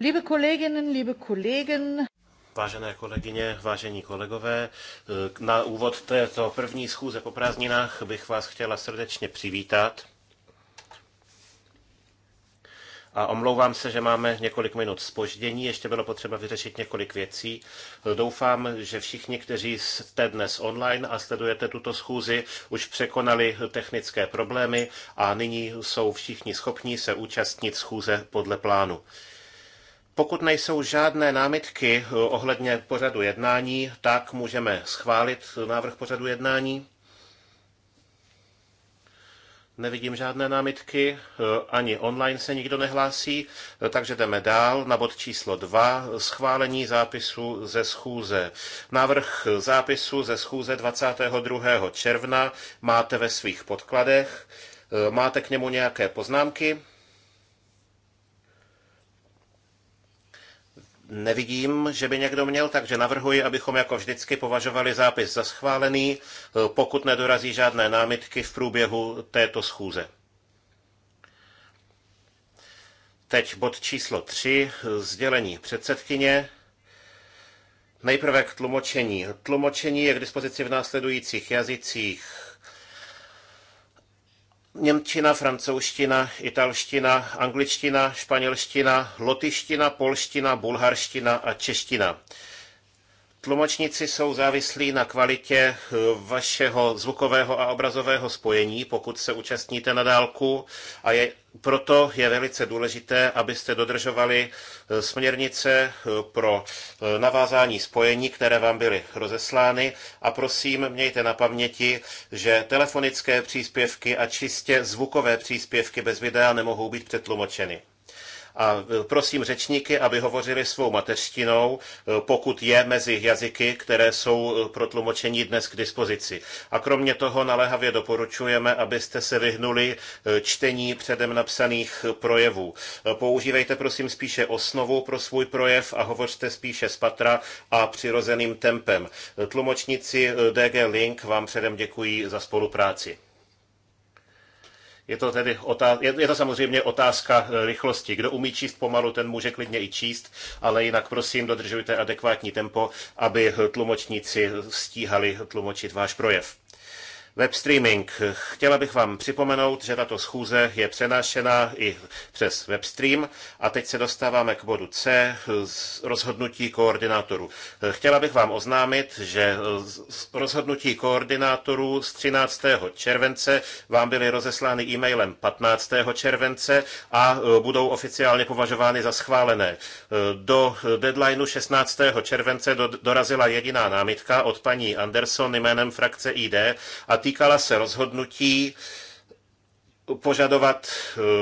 Liebe Kolleginnen, liebe Kollegen, Vážené kolegyně, vážení kolegové, eh, na úvod této první schůze po prázdninách bych vás chtěla srdečně přivítat. A omlouvám se, že máme několik minut spoždění, ještě bylo potřeba vyřešit několik věcí. Eh, doufám, že všichni, kteří jste dnes online a sledujete tuto schůzi, už překonali technické problémy a nyní jsou všichni schopni se účastnit schůze podle plánu. Pokud nejsou žádné námitky eh, ohledně pořadu jednání, tak můžeme schválit eh, návrh pořadu jednání. Nevidím žádné námitky, eh, ani online se nikdo nehlásí, takže jdeme dál na bod číslo 2, schválení zápisu ze schůze. Návrh zápisu ze schůze 22. června máte ve svých podkladech. Máte k němu nějaké poznámky? Nevidím, že by někdo měl, takže navrhuji, abychom jako vždycky považovali zápis za schválený, pokud nedorazí žádné námitky v průběhu této schůze. Teď bod číslo 3, sdělení předsedkyně. Nejprve k tlumočení. Tlumočení je k dispozici v následujících jazycích Němčina, francouzština, italština, angličtina, španělština, lotyština, polština, bulharština a čeština. Tlumočníci jsou závislí na kvalitě eh, vašeho zvukového a obrazového spojení, pokud se účastníte na dálku a je, proto je velice důležité, abyste dodržovali eh, směrnice eh, pro navázání spojení, které vám byly rozeslány a prosím mějte na paměti, že telefonické příspěvky a čistě zvukové příspěvky bez videa nemohou být přetlumočeny. A e, prosím řečníky, aby hovořili svou mateřštinou, e, pokud je mezi jazyky, které jsou e, pro tlumočení dnes k dispozici. A kromě toho naléhavě doporučujeme, abyste se vyhnuli čtení předem napsaných projevů. Používejte prosím spíše osnovu pro svůj projev a hovořte spíše z patra a přirozeným tempem. Tlumočníci DG Link vám předem děkuji za spolupráci. Je to tedy otá- je to samozřejmě otázka eh, rychlosti. Kdo umí číst pomalu, ten může klidně i číst, ale jinak prosím dodržujte adekvátní tempo, aby tlumočníci stíhali tlumočit váš projev. Web streaming. Chtěla bych vám připomenout, že tato schůze je přenášena i přes webstream a teď se dostáváme k bodu C z rozhodnutí koordinátorů. Chtěla bych vám oznámit, že rozhodnutí koordinátorů z 13. července vám byly rozeslány e-mailem 15. července a e, budou oficiálně považovány za schválené. E, do deadlineu 16. července dorazila jediná námitka od paní Anderson jménem frakce ID a týkala se rozhodnutí požadovat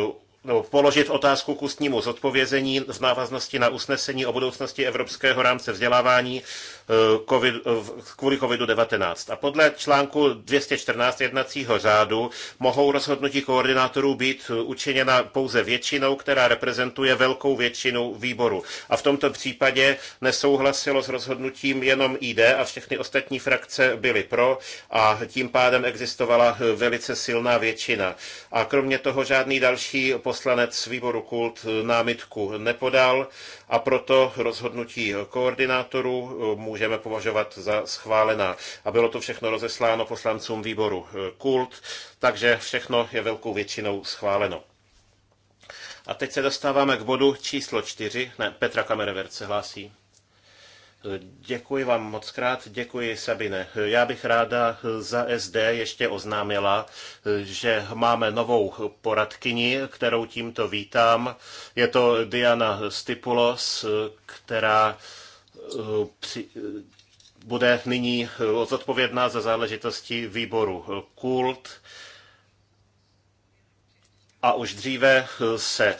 eh, nebo položit otázku k ústnímu zodpovězení v návaznosti na usnesení o budoucnosti Evropského rámce vzdělávání Eh, COVID, eh, kvůli COVID-19. A podle článku 214 jednacího řádu mohou rozhodnutí koordinátorů být eh, učiněna pouze většinou, která reprezentuje velkou většinu výboru. A v tomto případě nesouhlasilo s rozhodnutím jenom ID a všechny ostatní frakce byly pro a tím pádem existovala velice silná většina. A kromě toho žádný další poslanec výboru Kult námitku nepodal a proto rozhodnutí koordinátorů může můžeme považovat za schválená. A bylo to všechno rozesláno poslancům výboru eh, Kult, takže všechno je velkou většinou schváleno. A teď se dostáváme k bodu číslo čtyři. Ne, Petra Kamerevert se hlásí. Eh, děkuji vám moc krát, děkuji Sabine. Eh, já bych ráda za SD ještě oznámila, že máme novou poradkyni, kterou tímto vítám. Je to Diana Stipulos, která při, bude nyní zodpovědná za záležitosti výboru KULT. A už dříve se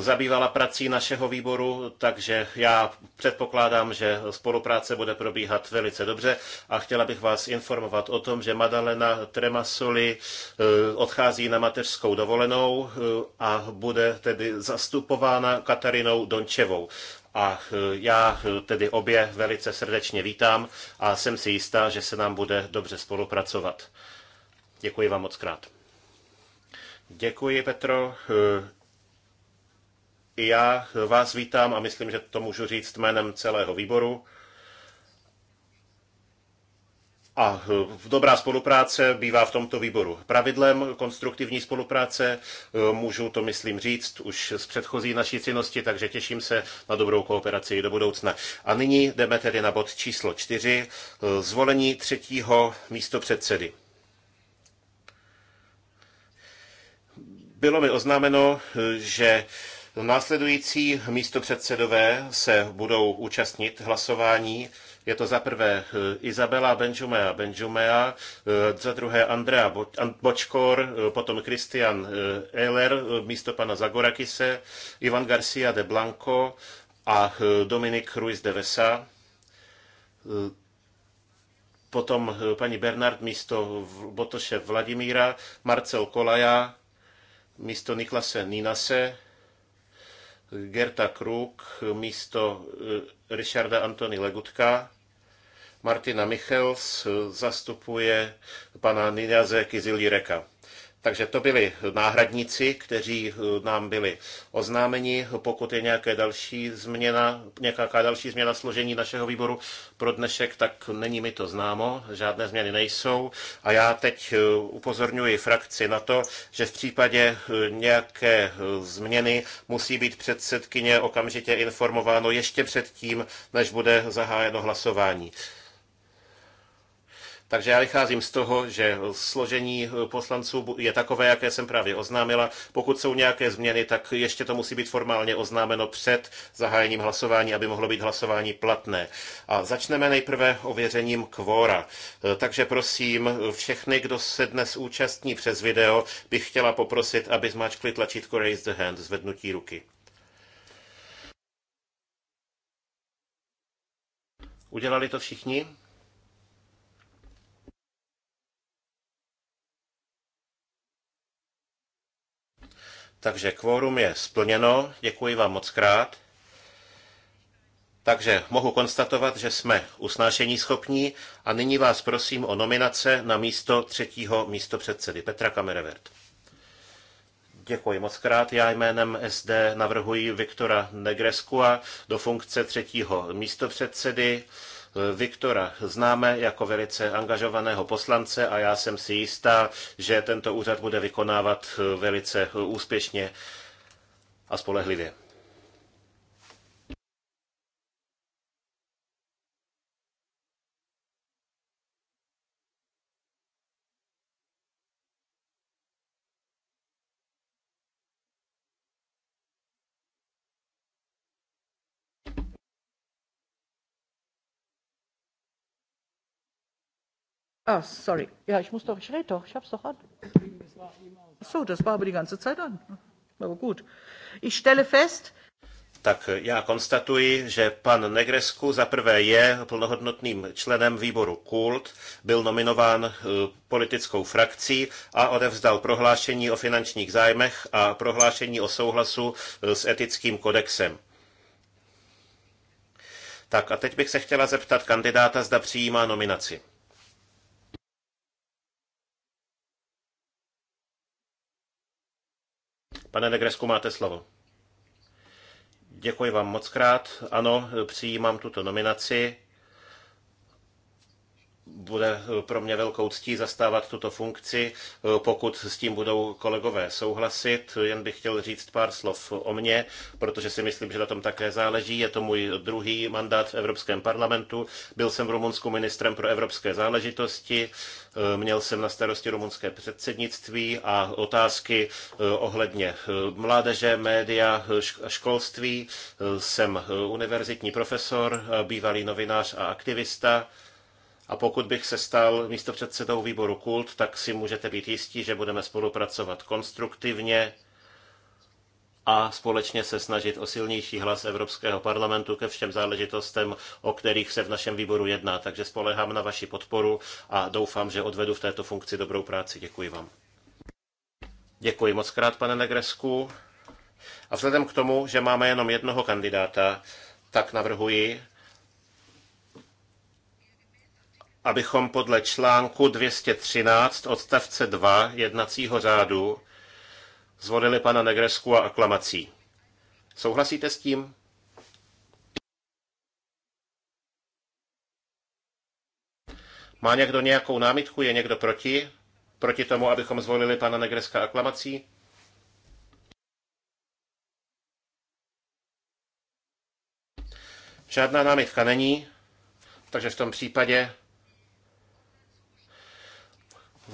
zabývala prací našeho výboru, takže já předpokládám, že spolupráce bude probíhat velice dobře a chtěla bych vás informovat o tom, že Madalena Tremasoli eh, odchází na mateřskou dovolenou eh, a bude tedy zastupována Katarinou Dončevou. A eh, já eh, tedy obě velice srdečně vítám a jsem si jistá, že se nám bude dobře spolupracovat. Děkuji vám moc krát. Děkuji, Petro. Eh, I já vás vítám a myslím, že to můžu říct jménem celého výboru. A dobrá spolupráce bývá v tomto výboru pravidlem konstruktivní spolupráce. E, můžu to, myslím, říct už z předchozí naší činnosti, takže těším se na dobrou kooperaci i do budoucna. A nyní jdeme tedy na bod číslo čtyři, e, zvolení třetího místopředsedy. Bylo mi oznámeno, e, že následující místopředsedové se budou účastnit hlasování je to za prvé eh, Izabela Benjumea Benjumea, eh, za druhé Andrea Bočkor, eh, potom Christian Ehler místo pana Zagorakise, Ivan Garcia de Blanco a Dominik Ruiz de Vesa. Potom paní Bernard místo Botoše Vladimíra, Marcel Kolaja místo Niklase Ninase, Gerta Kruk místo Richarda Antony Legutka. Martina Michels zastupuje pana Ninaze Kizilíreka. Takže to byli náhradníci, kteří eh, nám byli oznámeni. Pokud je nějaké další změna, nějaká další změna složení našeho výboru pro dnešek, tak není mi to známo, žádné změny nejsou. A já teď eh, upozorňuji frakci na to, že v případě eh, nějaké změny musí být předsedkyně okamžitě informováno ještě předtím, než bude zahájeno hlasování. Takže já vycházím z toho, že složení poslanců je takové, jaké jsem právě oznámila. Pokud jsou nějaké změny, tak ještě to musí být formálně oznámeno před zahájením hlasování, aby mohlo být hlasování platné. A začneme nejprve ověřením kvóra. Takže prosím, všechny, kdo se dnes účastní přes video, bych chtěla poprosit, aby zmáčkli tlačítko Raise the Hand, zvednutí ruky. Udělali to všichni? Takže kvórum je splněno, děkuji vám moc krát. Takže mohu konstatovat, že jsme usnášení schopní a nyní vás prosím o nominace na místo třetího místo předsedy Petra Kamerevert. Děkuji moc krát. Já jménem SD navrhuji Viktora Negresku do funkce třetího místopředsedy. předsedy Viktora známe jako velice angažovaného poslance a já jsem si jistá, že tento úřad bude vykonávat velice úspěšně a spolehlivě. Ah, oh, sorry. Ja, ich muss doch, ich rede doch, ich hab's doch an. Ach so, das war aber die ganze Zeit an. Aber gut. Ich stelle fest, tak já konstatuji, že pan Negresku za prvé je plnohodnotným členem výboru KULT, byl nominován eh, politickou frakcí a odevzdal prohlášení o finančních zájmech a prohlášení o souhlasu eh, s etickým kodexem. Tak a teď bych se chtěla zeptat kandidáta, zda přijímá nominaci. Pane Negresku, máte slovo. Děkuji vám moc krát. Ano, přijímám tuto nominaci bude eh, pro mě velkou ctí zastávat tuto funkci, eh, pokud s tím budou kolegové souhlasit. Jen bych chtěl říct pár slov o mně, protože si myslím, že na tom také záleží. Je to můj druhý mandát v Evropském parlamentu. Byl jsem v Rumunsku ministrem pro evropské záležitosti, eh, měl jsem na starosti rumunské předsednictví a otázky ohledně mládeže, média, školství. Jsem univerzitní profesor, bývalý novinář a aktivista. A pokud bych se stal místopředsedou výboru Kult, tak si můžete být jistí, že budeme spolupracovat konstruktivně a společně se snažit o silnější hlas Evropského parlamentu ke všem záležitostem, o kterých se v našem výboru jedná. Takže spolehám na vaši podporu a doufám, že odvedu v této funkci dobrou práci. Děkuji vám. Děkuji moc krát, pane Negresku. A vzhledem k tomu, že máme jenom jednoho kandidáta, tak navrhuji, abychom podle článku 213 odstavce 2 jednacího řádu zvolili pana Negresku a aklamací. Souhlasíte s tím? Má někdo nějakou námitku? Je někdo proti? Proti tomu, abychom zvolili pana Negreska aklamací? Žádná námitka není, takže v tom případě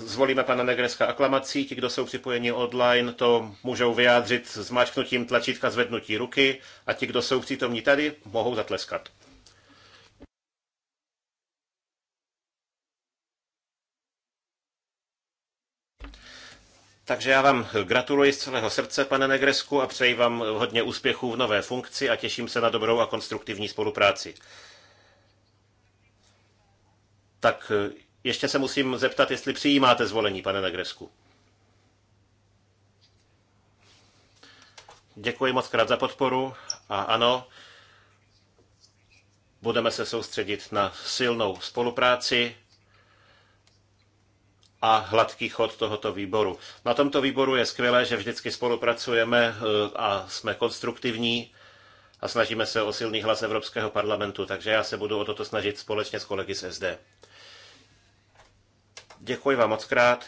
Zvolíme pana Negreska aklamací, ti, kdo jsou připojeni online, to můžou vyjádřit zmáčknutím tlačítka zvednutí ruky a ti, kdo jsou přítomní tady, mohou zatleskat. Takže já vám gratuluji z celého srdce, pane Negresku, a přeji vám hodně úspěchů v nové funkci a těším se na dobrou a konstruktivní spolupráci. Tak ještě se musím zeptat, jestli přijímáte zvolení, pane Negresku. Děkuji moc krát za podporu a ano, budeme se soustředit na silnou spolupráci a hladký chod tohoto výboru. Na tomto výboru je skvělé, že vždycky spolupracujeme eh, a jsme konstruktivní a snažíme se o silný hlas Evropského parlamentu, takže já se budu o toto snažit společně s kolegy z SD. Děkuji vám moc krát.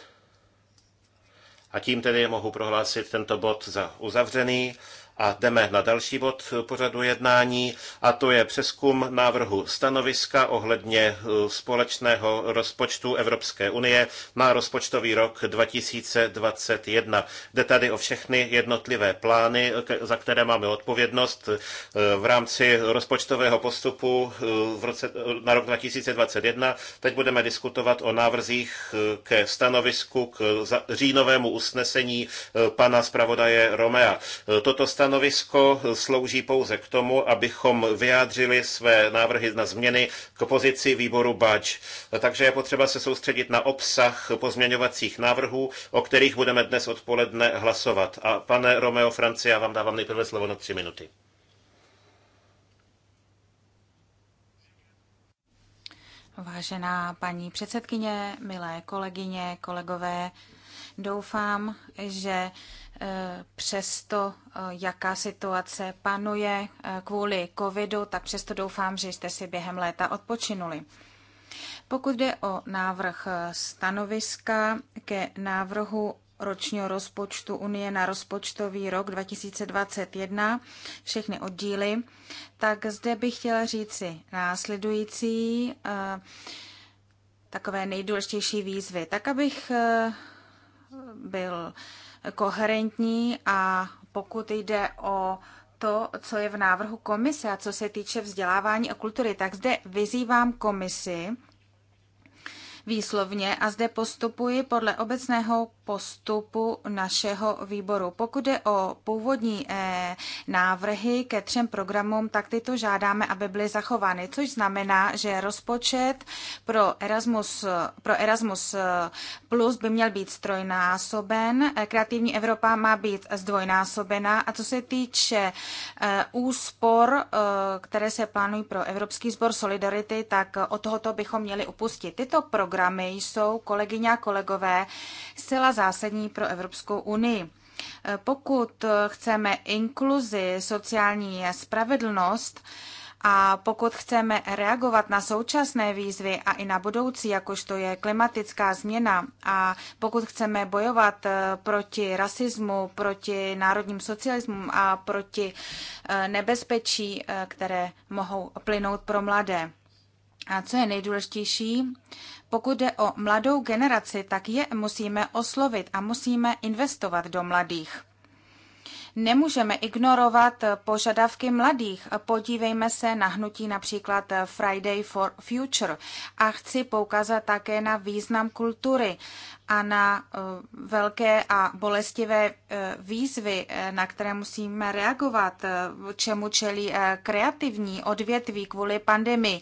A tím tedy mohu prohlásit tento bod za uzavřený. A jdeme na další bod pořadu jednání, a to je přeskum návrhu stanoviska ohledně eh, společného rozpočtu Evropské unie na rozpočtový rok 2021. Jde tady o všechny jednotlivé plány, eh, za které máme odpovědnost eh, v rámci rozpočtového postupu v roce, na rok 2021. Teď budeme diskutovat o návrzích ke stanovisku k říjnovému usnesení pana zpravodaje Romea. Toto stanovisko stanovisko slouží pouze k tomu, abychom vyjádřili své návrhy na změny k pozici výboru BAČ. Takže je potřeba se soustředit na obsah pozměňovacích návrhů, o kterých budeme dnes odpoledne hlasovat. A pane Romeo Franci, já vám dávám nejprve slovo na tři minuty. Vážená paní předsedkyně, milé kolegyně, kolegové, Doufám, že eh, přesto, eh, jaká situace panuje eh, kvůli covidu, tak přesto doufám, že jste si během léta odpočinuli. Pokud jde o návrh stanoviska ke návrhu ročního rozpočtu Unie na rozpočtový rok 2021, všechny oddíly, tak zde bych chtěla říci následující takové nejdůležitější výzvy. Tak, abych byl koherentní a pokud jde o to, co je v návrhu komise a co se týče vzdělávání a kultury, tak zde vyzývám komisi, výslovně a zde postupuji podle obecného postupu našeho výboru. Pokud je o původní eh, návrhy ke třem programům, tak tyto žádáme, aby byly zachovány, což znamená, že rozpočet pro Erasmus, pro Erasmus eh, Plus by měl být strojnásoben, eh, kreativní Evropa má být zdvojnásobena a co se týče úspor, které se plánují pro Evropský sbor Solidarity, tak od tohoto bychom měli upustit. Tyto programy programy jsou, kolegyně a kolegové, zcela zásadní pro Evropskou unii. Pokud chceme inkluzi, sociální spravedlnost, a pokud chceme reagovat na současné výzvy a i na budoucí, to je klimatická změna, a pokud chceme bojovat eh, proti rasismu, proti národním socialismům a proti eh, nebezpečí, eh, které mohou plynout pro mladé. A co je nejdůležitější, pokud jde o mladou generaci, tak je musíme oslovit a musíme investovat do mladých. Nemůžeme ignorovat požadavky mladých. Podívejme se na hnutí například Friday for Future a chci poukázat také na význam kultury a na e, velké a bolestivé e, výzvy, e, na které musíme reagovat, čemu čelí kreativní odvětví kvůli pandemii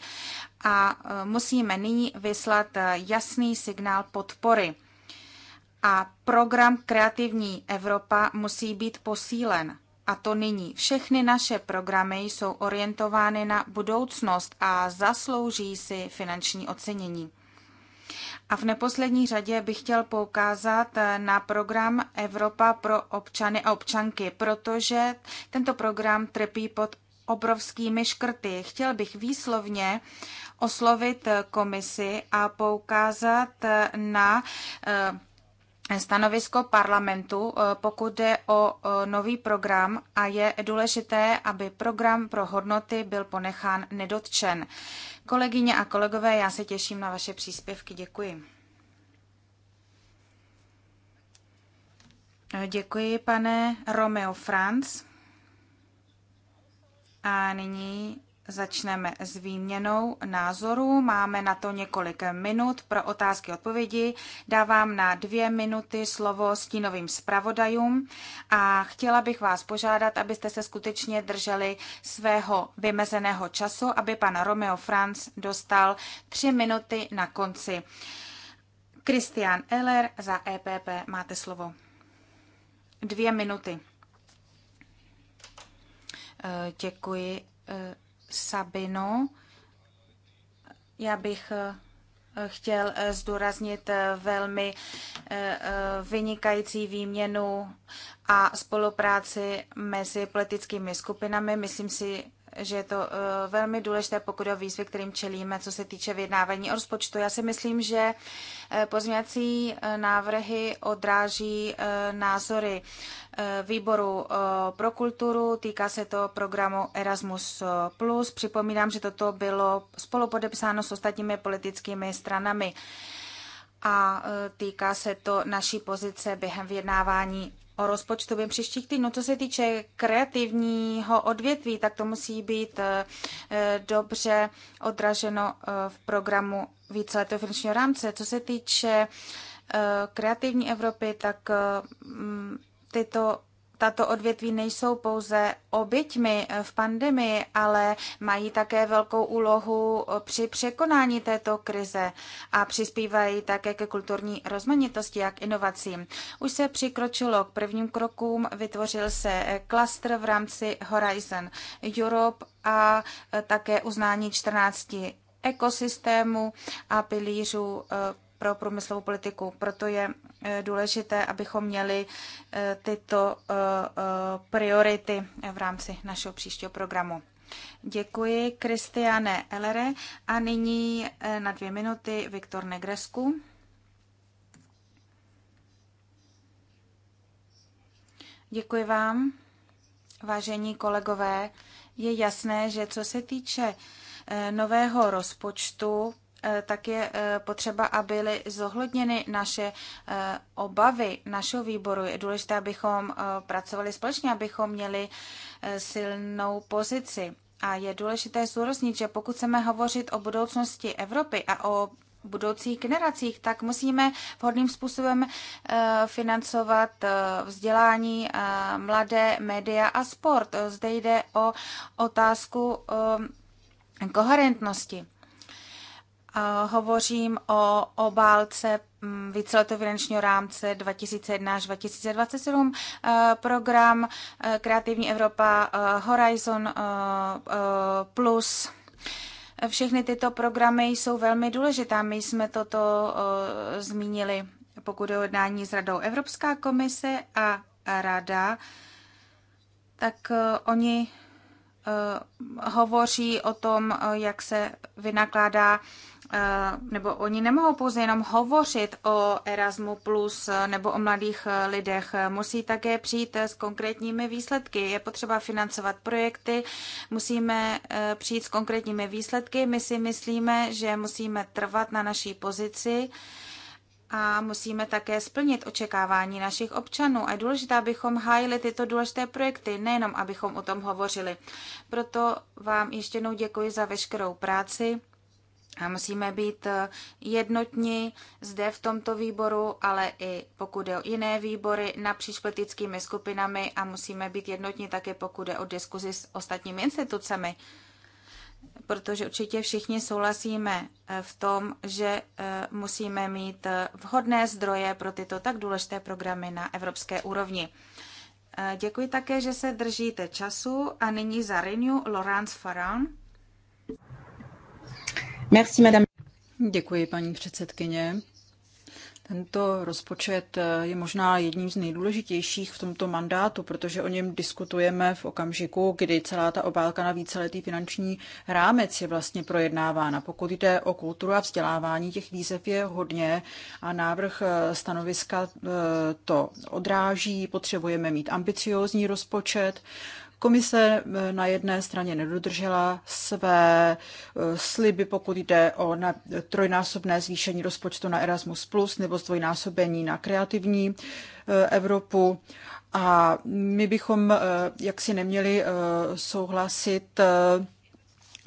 a e, musíme nyní vyslat e, jasný signál podpory. A program Kreativní Evropa musí být posílen. A to nyní. Všechny naše programy jsou orientovány na budoucnost a zaslouží si finanční ocenění. A v neposlední řadě bych chtěl poukázat e, na program Evropa pro občany a občanky, protože tento program trpí pod obrovskými škrty. Chtěl bych výslovně oslovit komisi a poukázat na eh, stanovisko parlamentu, eh, pokud jde o eh, nový program a je důležité, aby program pro hodnoty byl ponechán nedotčen. Kolegyně a kolegové, já se těším na vaše příspěvky. Děkuji. Děkuji, pane Romeo Franz. A nyní začneme s výměnou názorů. Máme na to několik minut pro otázky a odpovědi. Dávám na dvě minuty slovo stínovým zpravodajům a chtěla bych vás požádat, abyste se skutečně drželi svého vymezeného času, aby pan Romeo Franz dostal tři minuty na konci. Christian Eller za EPP máte slovo. Dvě minuty. Eh, děkuji, eh, Sabino. Já bych eh, chtěl zdůraznit velmi vynikající výměnu a spolupráci mezi politickými skupinami. Myslím si, že je to eh, velmi důležité, pokud o výzvy, kterým čelíme, co se týče vyjednávání o rozpočtu. Já si myslím, že eh, pozměňovací eh, návrhy odráží názory výboru pro kulturu, týká se to programu Erasmus+. Připomínám, že toto bylo spolupodepsáno s ostatními politickými stranami a týká se to naší pozice během vyjednávání o rozpočtovém příštích týdnu. Co se týče kreativního odvětví, tak to musí být eh, eh, dobře odraženo eh, v programu víceletého finančního rámce. Co se týče kreativní Evropy, tak tyto tato odvětví nejsou pouze oběťmi eh, v pandemii, ale mají také velkou úlohu eh, při překonání této krize a přispívají také ke kulturní rozmanitosti a k inovacím. Už se přikročilo k prvním krokům, vytvořil se eh, klastr v rámci Horizon Europe a také uznání 14 ekosystémů a pilířů pro průmyslovou politiku. Proto je Eh, důležité, abychom měli eh, tyto eh, priority v rámci našeho příštího programu. Děkuji, Kristiane Elere. A nyní na dvě minuty Viktor Negresku. Děkuji vám, vážení kolegové. Je jasné, že co se týče nového rozpočtu Eh, tak je eh, potřeba, aby byly zohledněny naše eh, obavy našeho výboru. Je důležité, abychom pracovali společně, abychom měli silnou pozici. A je důležité zúroznit, že pokud chceme hovořit o budoucnosti Evropy a o budoucích generacích, tak musíme vhodným způsobem financovat vzdělání mladé, média a sport. Zde jde o otázku koherentnosti. Hovořím o obálce mm, víceletého finančního rámce 2001 až 2027, eh, program eh, Kreativní Evropa eh, Horizon Plus. Všechny tyto programy jsou velmi důležité. My jsme toto zmínili, pokud je o jednání s Radou Evropská komise a Rada, tak oni hovoří o tom, jak se vynakládá Eh, nebo oni nemohou pouze jenom hovořit o Erasmu Plus eh, nebo o mladých eh, lidech. Musí také přijít s konkrétními výsledky. Je potřeba financovat projekty, musíme přijít s konkrétními výsledky. My si myslíme, že musíme trvat na naší pozici a musíme také splnit očekávání našich občanů. A je důležité, abychom hájili tyto důležité projekty, nejenom abychom o tom hovořili. Proto vám ještě jednou děkuji za veškerou práci a musíme být eh, jednotní zde v tomto výboru, ale i pokud je o jiné výbory napříč politickými skupinami a musíme být jednotní také pokud je o diskuzi s ostatními institucemi. Protože určitě všichni souhlasíme eh, v tom, že eh, musíme mít vhodné zdroje pro tyto tak důležité programy na evropské úrovni. Děkuji také, že se držíte času a nyní za Renew Laurence Faran. Merci, madame. Děkuji, paní předsedkyně. Tento rozpočet je možná jedním z nejdůležitějších v tomto mandátu, protože o něm diskutujeme v okamžiku, kdy celá ta obálka na víceletý finanční rámec je vlastně projednávána. Pokud jde o kulturu a vzdělávání, těch výzev je hodně a návrh stanoviska eh, to odráží. Potřebujeme mít ambiciózní rozpočet, Komise eh, na jedné straně nedodržela své eh, sliby, pokud jde o na trojnásobné zvýšení rozpočtu na Erasmus+, nebo zdvojnásobení na kreativní eh, Evropu. A my bychom jaksi neměli souhlasit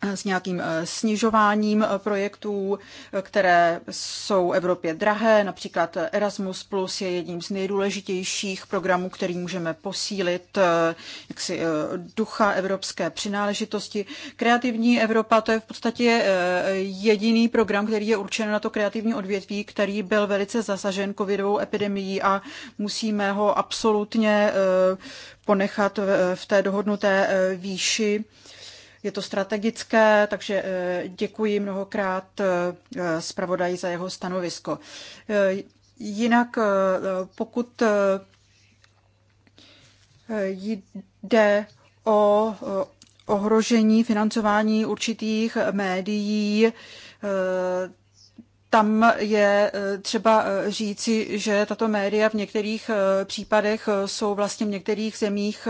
s nějakým eh, snižováním eh, projektů, eh, které jsou Evropě drahé. Například Erasmus Plus je jedním z nejdůležitějších programů, který můžeme posílit jaksi, ducha evropské přináležitosti. Kreativní Evropa to je v podstatě jediný program, který je určen na to kreativní odvětví, který byl velice zasažen covidovou epidemií a musíme ho absolutně ponechat v té dohodnuté výši je to strategické, takže eh, děkuji mnohokrát eh, zpravodaji za jeho stanovisko. Eh, jinak pokud jde o ohrožení financování určitých médií, tam je eh, třeba eh, říci, že tato média v některých eh, případech jsou vlastně v některých zemích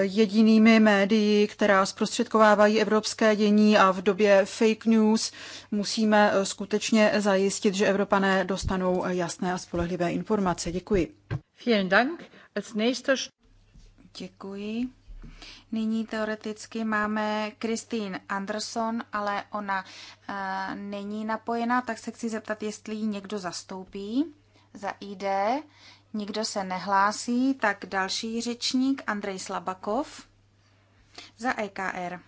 jedinými médií, která zprostředkovávají evropské dění a v době fake news musíme skutečně zajistit, že Evropané dostanou jasné a spolehlivé informace. Děkuji. Vielen Dank. Als nächster... Děkuji. Nyní teoreticky máme Christine Anderson, ale ona uh, není napojena, tak se chci zeptat, jestli ji někdo zastoupí za ID. Nikdo se nehlásí, tak další řečník Andrej Slabakov za EKR.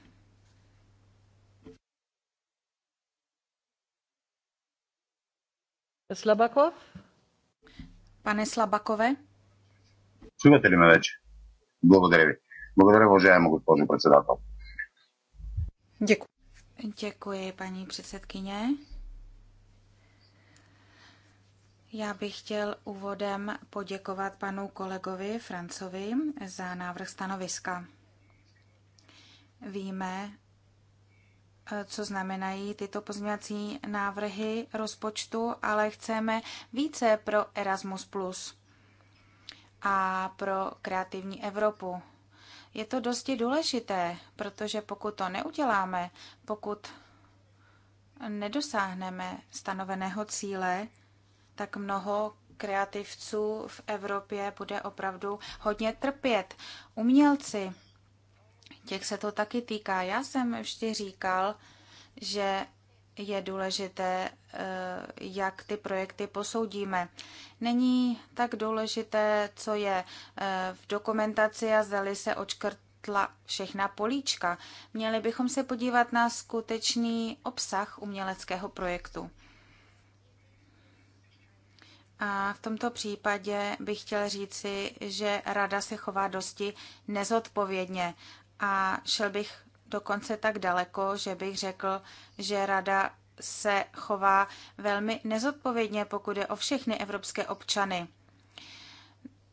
Slabakov? Pane Слабакове? Чувате ли na вече? Благодаря ви. Благодаря, уважаема госпожо председател. Děkuji. Děkuji, paní předsedkyně. Já bych chtěl úvodem poděkovat panu kolegovi Francovi za návrh stanoviska. Víme, co znamenají tyto pozměňovací návrhy rozpočtu, ale chceme více pro Erasmus, a pro kreativní Evropu je to dosti důležité, protože pokud to neuděláme, pokud nedosáhneme stanoveného cíle, tak mnoho kreativců v Evropě bude opravdu hodně trpět. Umělci, těch se to taky týká. Já jsem vždy říkal, že je důležité, eh, jak ty projekty posoudíme. Není tak důležité, co je eh, v dokumentaci a zdali se očkrtla všechna políčka. Měli bychom se podívat na skutečný obsah uměleckého projektu. A v tomto případě bych chtěl říci, že rada se chová dosti nezodpovědně a šel bych dokonce tak daleko, že bych řekl, že rada se chová velmi nezodpovědně, pokud je o všechny evropské občany.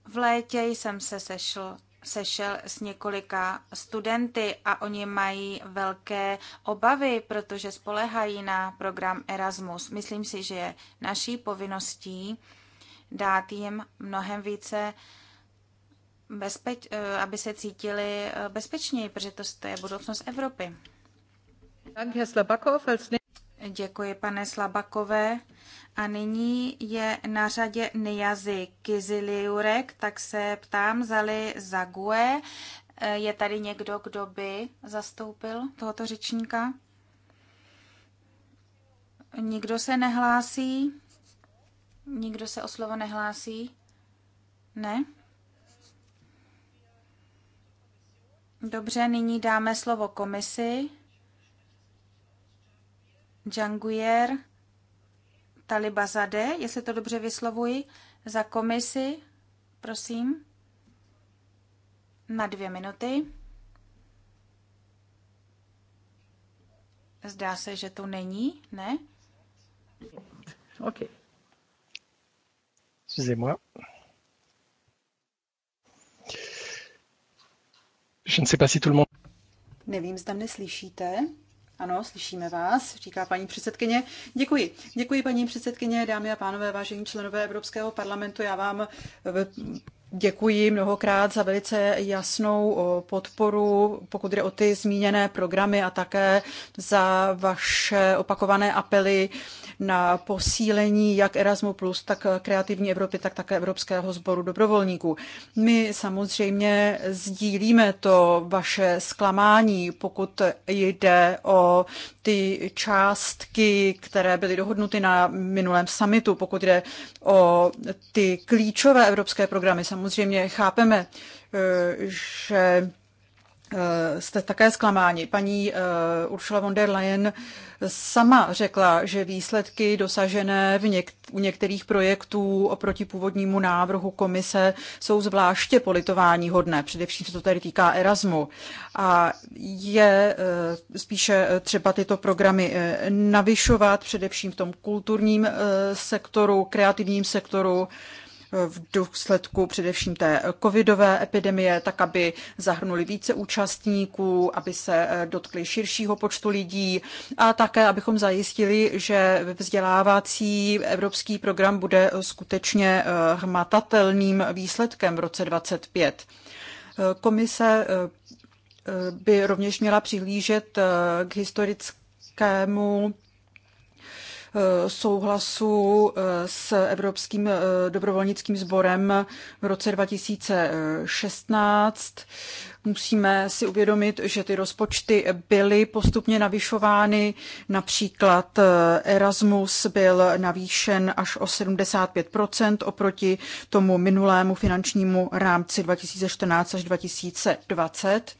V létě jsem se sešl, sešel s několika studenty a oni mají velké obavy, protože spolehají na program Erasmus. Myslím si, že je naší povinností dát jim mnohem více bezpeč, eh, aby se cítili eh, bezpečněji, protože to je budoucnost Evropy. Děkuji, pane Slabakové. A nyní je na řadě Niazy Kiziliurek, tak se ptám, zali Zague. Eh, je tady někdo, kdo by zastoupil tohoto řečníka? Nikdo se nehlásí? Nikdo se o slovo nehlásí? Ne? Dobře, nyní dáme slovo komisi. Janguier Talibazade, jestli to dobře vyslovuji, za komisi, prosím, na dvě minuty. Zdá se, že tu není, ne? OK. Excusez-moi. Je ne sais pas si tout le monde... Nevím, zda mne slyšíte. Ano, slyšíme vás, říká paní předsedkyně. Děkuji. Děkuji, paní předsedkyně, dámy a pánové, vážení členové Evropského parlamentu. Já vám Děkuji mnohokrát za velice jasnou podporu, pokud jde o ty zmíněné programy a také za vaše opakované apely na posílení jak Erasmu+, tak Kreativní Evropy, tak také Evropského sboru dobrovolníků. My samozřejmě sdílíme to vaše zklamání, pokud jde o ty částky, které byly dohodnuty na minulém summitu, pokud jde o ty klíčové evropské programy. Samozřejmě samozřejmě chápeme, eh, že eh, jste také zklamáni. Paní eh, Ursula von der Leyen sama řekla, že výsledky dosažené v něk- u některých projektů oproti původnímu návrhu komise jsou zvláště politování hodné, především se to tady týká Erasmu. A je spíše třeba tyto programy navyšovat, především v tom kulturním sektoru, kreativním sektoru, v důsledku především té covidové epidemie, tak aby zahrnuli více účastníků, aby se eh, dotkli širšího počtu lidí a také, abychom zajistili, že vzdělávací evropský program bude eh, skutečně eh, hmatatelným výsledkem v roce 2025. Komise by rovněž měla přihlížet k historickému souhlasu eh, s Evropským eh, dobrovolnickým sborem v roce 2016. Musíme si uvědomit, že ty rozpočty byly postupně navyšovány. Například eh, Erasmus byl navýšen až o 75 oproti tomu minulému finančnímu rámci 2014 až 2020.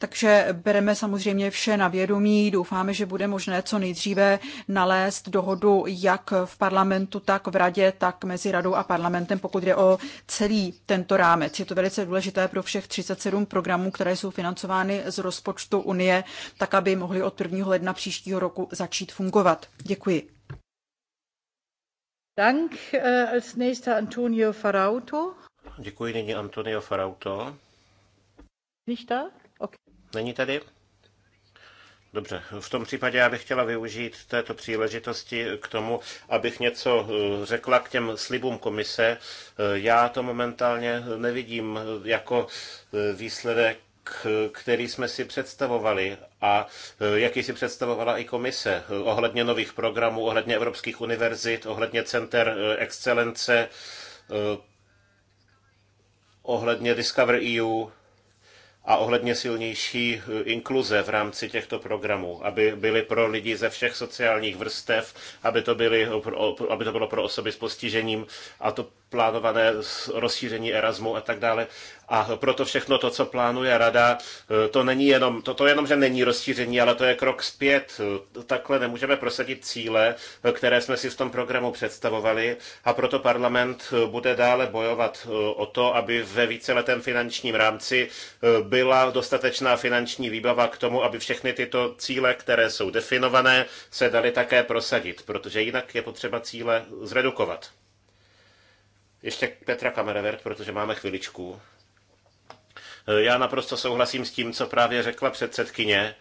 Takže bereme samozřejmě vše na vědomí. Doufáme, že bude možné co nejdříve nalézt dohodu jak v parlamentu, tak v radě, tak mezi radou a parlamentem, pokud jde o celý tento rámec. Je to velice důležité pro všech 37 programů, které jsou financovány z rozpočtu Unie, tak aby mohly od 1. ledna příštího roku začít fungovat. Děkuji. Dank. Eh, als nächster Antonio Farauto. Děkuji nyní Antonio Farauto. Nicht da? Není tady? Dobře, v tom případě já bych chtěla využít této příležitosti k tomu, abych něco eh, řekla k těm slibům komise. Eh, já to momentálně nevidím jako eh, výsledek, který jsme si představovali a jaký si představovala i komise ohledně nových programů, ohledně evropských univerzit, ohledně center excelence, ohledně Discover EU a ohledně silnější eh, inkluze v rámci těchto programů, aby byly pro lidi ze všech sociálních vrstev, aby to, byly, eh, aby to bylo pro osoby s postižením a to plánované rozšíření Erasmu a tak dále. A proto všechno to, co plánuje rada, eh, to není jenom, to, to jenom, že není rozšíření, ale to je krok zpět. Eh, takhle nemůžeme prosadit cíle, eh, které jsme si v tom programu představovali a proto parlament bude dále bojovat o to, aby ve víceletém finančním rámci byla dostatečná finanční výbava k tomu, aby všechny tyto cíle, které jsou definované, se daly také prosadit, protože jinak je potřeba cíle zredukovat. Ještě Petra Kamerevert, protože máme chviličku. E, já naprosto souhlasím s tím, co právě řekla předsedkyně.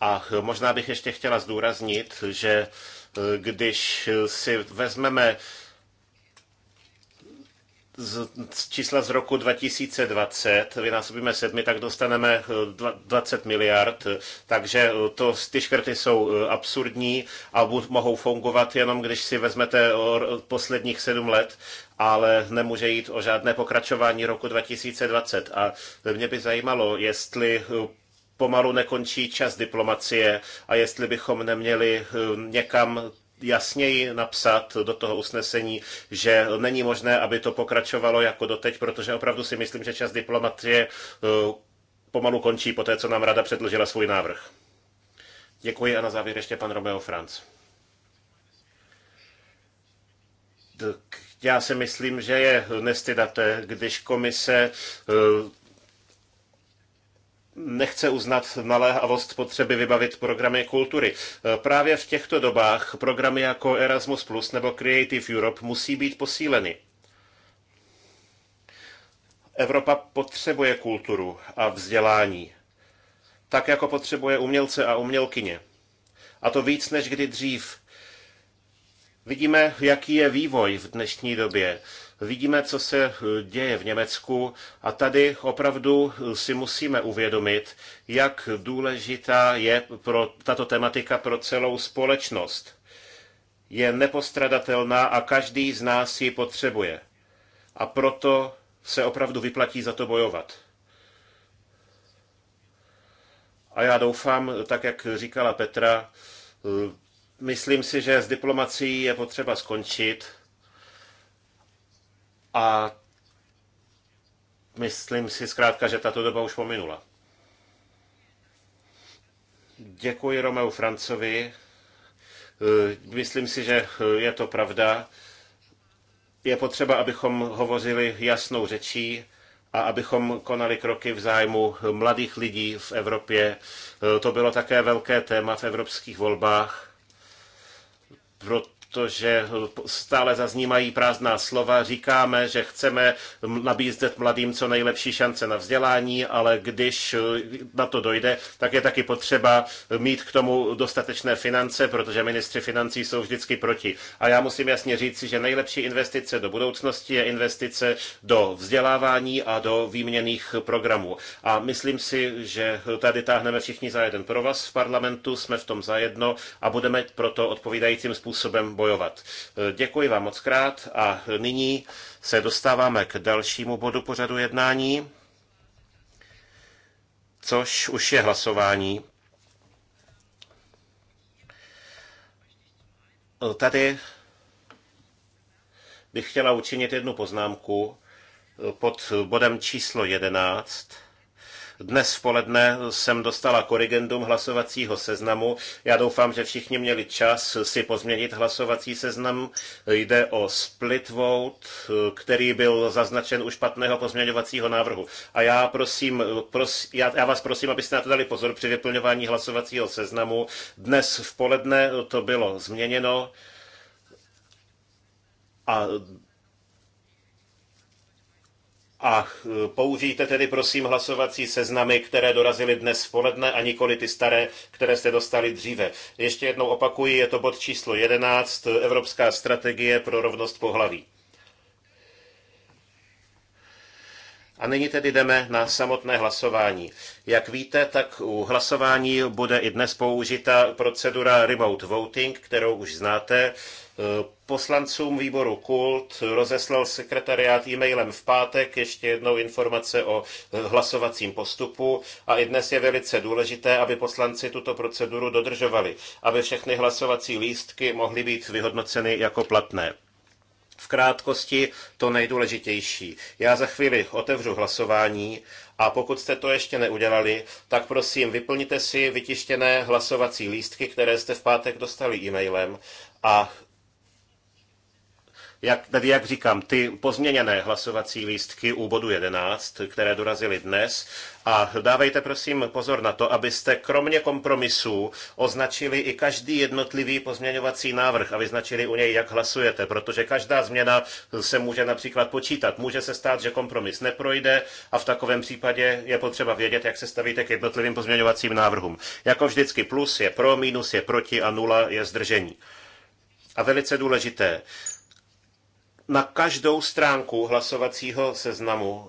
A možná bych ještě chtěla zdůraznit, že e, když si vezmeme z čísla z roku 2020 vynásobíme sedmi, tak dostaneme 20 eh, miliard, takže eh, to, ty škrty jsou eh, absurdní a mohou fungovat jenom, když si vezmete posledních sedm let, ale nemůže jít o žádné pokračování roku 2020. A mě by zajímalo, jestli pomalu nekončí čas diplomacie a jestli bychom neměli někam jasněji napsat do toho usnesení, že není možné, aby to pokračovalo jako doteď, protože opravdu si myslím, že čas diplomatie eh, pomalu končí po té, co nám rada předložila svůj návrh. Děkuji a na závěr ještě pan Romeo Franc. Já si myslím, že je nestydaté, když komise eh, nechce uznat naléhavost potřeby vybavit programy kultury. E, právě v těchto dobách programy jako Erasmus Plus nebo Creative Europe musí být posíleny. Evropa potřebuje kulturu a vzdělání, tak jako potřebuje umělce a umělkyně. A to víc než kdy dřív. Vidíme, jaký je vývoj v dnešní době. Vidíme, co se eh, děje v Německu a tady opravdu eh, si musíme uvědomit, jak důležitá je pro tato tematika pro celou společnost. Je nepostradatelná a každý z nás ji potřebuje. A proto se opravdu vyplatí za to bojovat. A já doufám, tak jak říkala Petra, eh, myslím si, že s diplomací je potřeba skončit a myslím si zkrátka, že tato doba už pominula. Děkuji Romeu Francovi. Eh, myslím si, že eh, je to pravda. Je potřeba, abychom hovořili jasnou řečí a abychom konali kroky v zájmu mladých lidí v Evropě. Eh, to bylo také velké téma v evropských volbách, protože stále zaznímají prázdná slova. Říkáme, že chceme nabízet mladým co nejlepší šance na vzdělání, ale když na to dojde, tak je taky potřeba mít k tomu dostatečné finance, protože ministři financí jsou vždycky proti. A já musím jasně říci, že nejlepší investice do budoucnosti je investice do vzdělávání a do výměných programů. A myslím si, že tady táhneme všichni za jeden pro vás v parlamentu, jsme v tom zajedno a budeme proto odpovídajícím způsobem bojovat. Děkuji vám moc krát a nyní se dostáváme k dalšímu bodu pořadu jednání, což už je hlasování. Tady bych chtěla učinit jednu poznámku pod bodem číslo 11. Dnes v poledne jsem dostala korigendum hlasovacího seznamu. Já doufám, že všichni měli čas si pozměnit hlasovací seznam. Jde o split vote, který byl zaznačen u špatného pozměňovacího návrhu. A já, prosím, pros, já, já vás prosím, abyste na to dali pozor při vyplňování hlasovacího seznamu. Dnes v poledne to bylo změněno. A a použijte tedy prosím hlasovací seznamy, které dorazily dnes v poledne a nikoli ty staré, které jste dostali dříve. Ještě jednou opakuji, je to bod číslo 11, Evropská strategie pro rovnost pohlaví. A nyní tedy jdeme na samotné hlasování. Jak víte, tak u hlasování bude i dnes použita procedura remote voting, kterou už znáte poslancům výboru Kult rozeslal sekretariát e-mailem v pátek ještě jednou informace o eh, hlasovacím postupu a i dnes je velice důležité, aby poslanci tuto proceduru dodržovali, aby všechny hlasovací lístky mohly být vyhodnoceny jako platné. V krátkosti to nejdůležitější. Já za chvíli otevřu hlasování a pokud jste to ještě neudělali, tak prosím vyplňte si vytištěné hlasovací lístky, které jste v pátek dostali e-mailem a jak, tedy jak říkám, ty pozměněné hlasovací lístky u bodu 11, které dorazily dnes. A dávejte prosím pozor na to, abyste kromě kompromisů označili i každý jednotlivý pozměňovací návrh a vyznačili u něj, jak hlasujete, protože každá změna se může například počítat. Může se stát, že kompromis neprojde a v takovém případě je potřeba vědět, jak se stavíte k jednotlivým pozměňovacím návrhům. Jako vždycky plus je pro, minus je proti a nula je zdržení. A velice důležité, na každou stránku hlasovacího seznamu,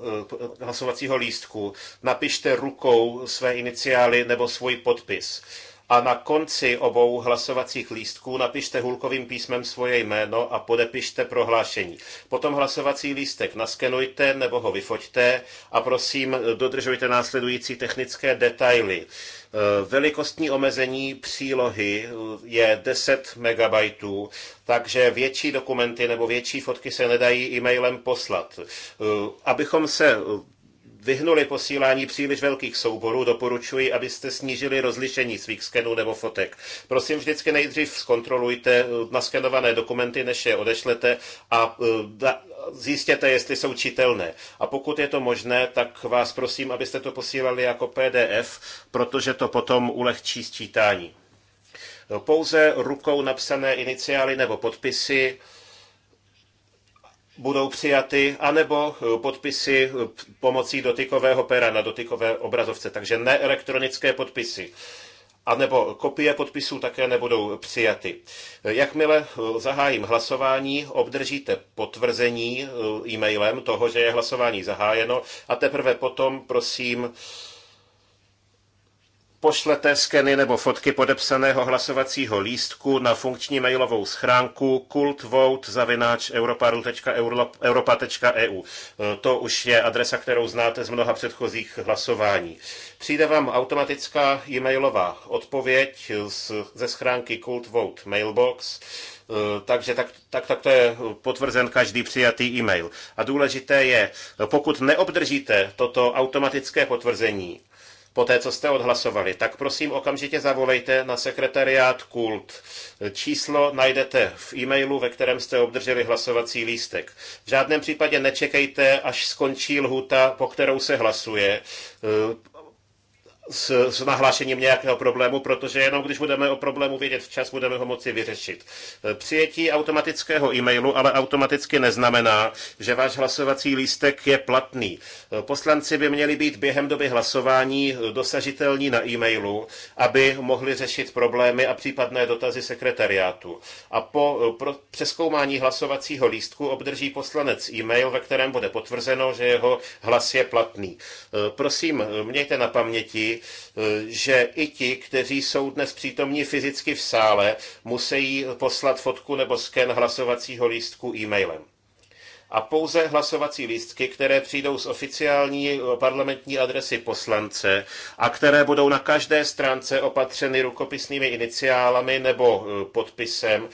eh, hlasovacího lístku napište rukou své iniciály nebo svůj podpis. A na konci obou hlasovacích lístků napište hulkovým písmem svoje jméno a podepište prohlášení. Potom hlasovací lístek naskenujte nebo ho vyfoťte a prosím dodržujte následující technické detaily Eh, velikostní omezení přílohy eh, je 10 MB, takže větší dokumenty nebo větší fotky se nedají e-mailem poslat. Eh, abychom se vyhnuli posílání příliš velkých souborů, doporučuji, abyste snížili rozlišení svých skenů nebo fotek. Prosím, vždycky nejdřív zkontrolujte eh, naskenované dokumenty, než je odešlete a eh, zjistěte, jestli jsou čitelné. A pokud je to možné, tak vás prosím, abyste to posílali jako PDF, protože to potom ulehčí sčítání. Eh, pouze rukou napsané iniciály nebo podpisy budou přijaty, anebo eh, podpisy eh, pomocí dotykového pera na dotykové obrazovce, takže ne elektronické podpisy. A nebo kopie podpisů také nebudou přijaty. Eh, jakmile zahájím hlasování, obdržíte potvrzení e-mailem toho, že je hlasování zahájeno a teprve potom, prosím, pošlete skeny nebo fotky podepsaného hlasovacího lístku na funkční mailovou schránku kultvote.europarl.europa.eu. E e, to už je adresa, kterou znáte z mnoha předchozích hlasování. Přijde vám automatická e-mailová odpověď ze schránky Kultvote Mailbox, e, takže tak, tak, tak to je potvrzen každý přijatý e-mail. A důležité je, pokud neobdržíte toto automatické potvrzení, po té, co jste odhlasovali, tak prosím okamžitě zavolejte na sekretariát Kult. Číslo najdete v e-mailu, ve kterém jste obdrželi hlasovací lístek. V žádném případě nečekejte, až skončí lhuta, po kterou se hlasuje s, s nahlášením nějakého problému, protože jenom když budeme o problému vědět včas, budeme ho moci vyřešit. E, přijetí automatického e-mailu ale automaticky neznamená, že váš hlasovací lístek je platný. E, poslanci by měli být během doby hlasování e, dosažitelní na e-mailu, aby mohli řešit problémy a případné dotazy sekretariátu. A po přeskoumání hlasovacího lístku obdrží poslanec e-mail, ve kterém bude potvrzeno, že jeho hlas je platný. Prosím, mějte na paměti, Eh, že i ti, kteří jsou dnes přítomní fyzicky v sále, musí poslat fotku nebo sken hlasovacího lístku e-mailem a pouze hlasovací lístky, které přijdou z oficiální eh, parlamentní adresy poslance a které budou na každé stránce opatřeny rukopisnými iniciálami nebo eh, podpisem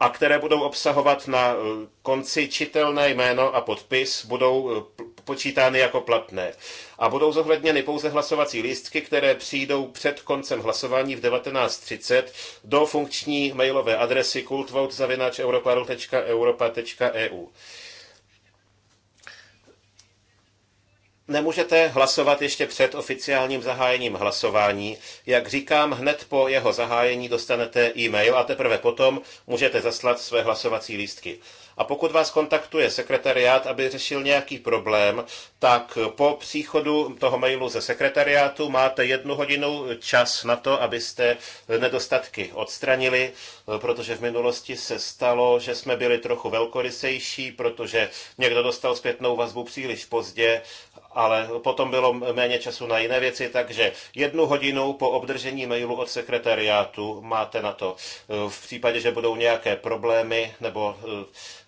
a které budou obsahovat na konci čitelné jméno a podpis, budou počítány jako platné a budou zohledněny pouze hlasovací lístky, které přijdou před koncem hlasování v 19.30 do funkční mailové adresy kultvote.europarl.europa.eu. nemůžete hlasovat ještě před oficiálním zahájením hlasování. Jak říkám, hned po jeho zahájení dostanete e-mail a teprve potom můžete zaslat své hlasovací lístky. A pokud vás kontaktuje sekretariát, aby řešil nějaký problém, tak po příchodu toho mailu ze sekretariátu máte jednu hodinu čas na to, abyste nedostatky odstranili, protože v minulosti se stalo, že jsme byli trochu velkorysejší, protože někdo dostal zpětnou vazbu příliš pozdě ale potom bylo méně času na jiné věci, takže jednu hodinu po obdržení mailu od sekretariátu máte na to. Eh, v případě, že budou nějaké problémy nebo eh,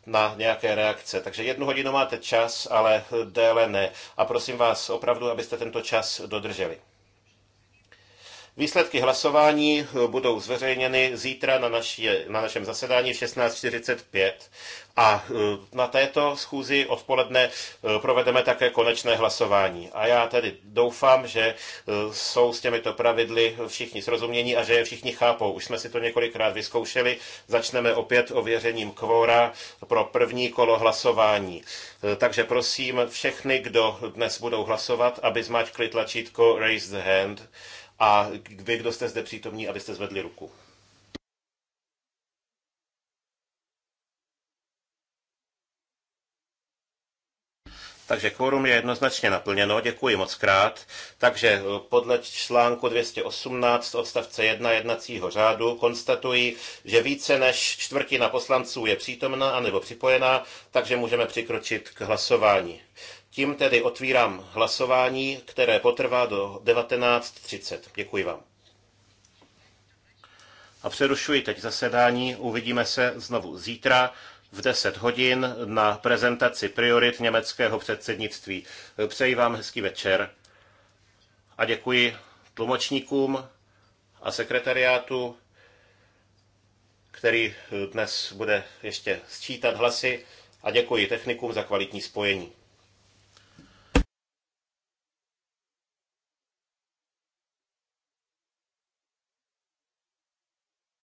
na nějaké reakce. Takže jednu hodinu máte čas, ale eh, déle ne. A prosím vás opravdu, abyste tento čas dodrželi. Výsledky hlasování eh, budou zveřejněny zítra na, naši, na našem zasedání v 16.45. A eh, na této schůzi odpoledne eh, provedeme také konečné hlasování. A já tedy doufám, že jsou s těmito pravidly všichni srozumění a že je všichni chápou. Už jsme si to několikrát vyzkoušeli. Začneme opět ověřením kvóra pro první kolo hlasování. Takže prosím všechny, kdo dnes budou hlasovat, aby zmáčkli tlačítko Raise the Hand a vy, kdo jste zde přítomní, abyste zvedli ruku. Takže kvorum je jednoznačně naplněno, děkuji moc krát. Takže eh, podle článku 218 odstavce 1 jednacího řádu konstatuji, že více než čtvrtina poslanců je přítomna anebo připojena, takže můžeme přikročit k hlasování. Tím tedy otvírám hlasování, které potrvá do 19.30. Děkuji vám. A přerušuji teď zasedání. Uvidíme se znovu zítra v 10 hodin na prezentaci priorit německého předsednictví. Přeji vám hezký večer a děkuji tlumočníkům a sekretariátu, který dnes bude ještě sčítat hlasy a děkuji technikům za kvalitní spojení.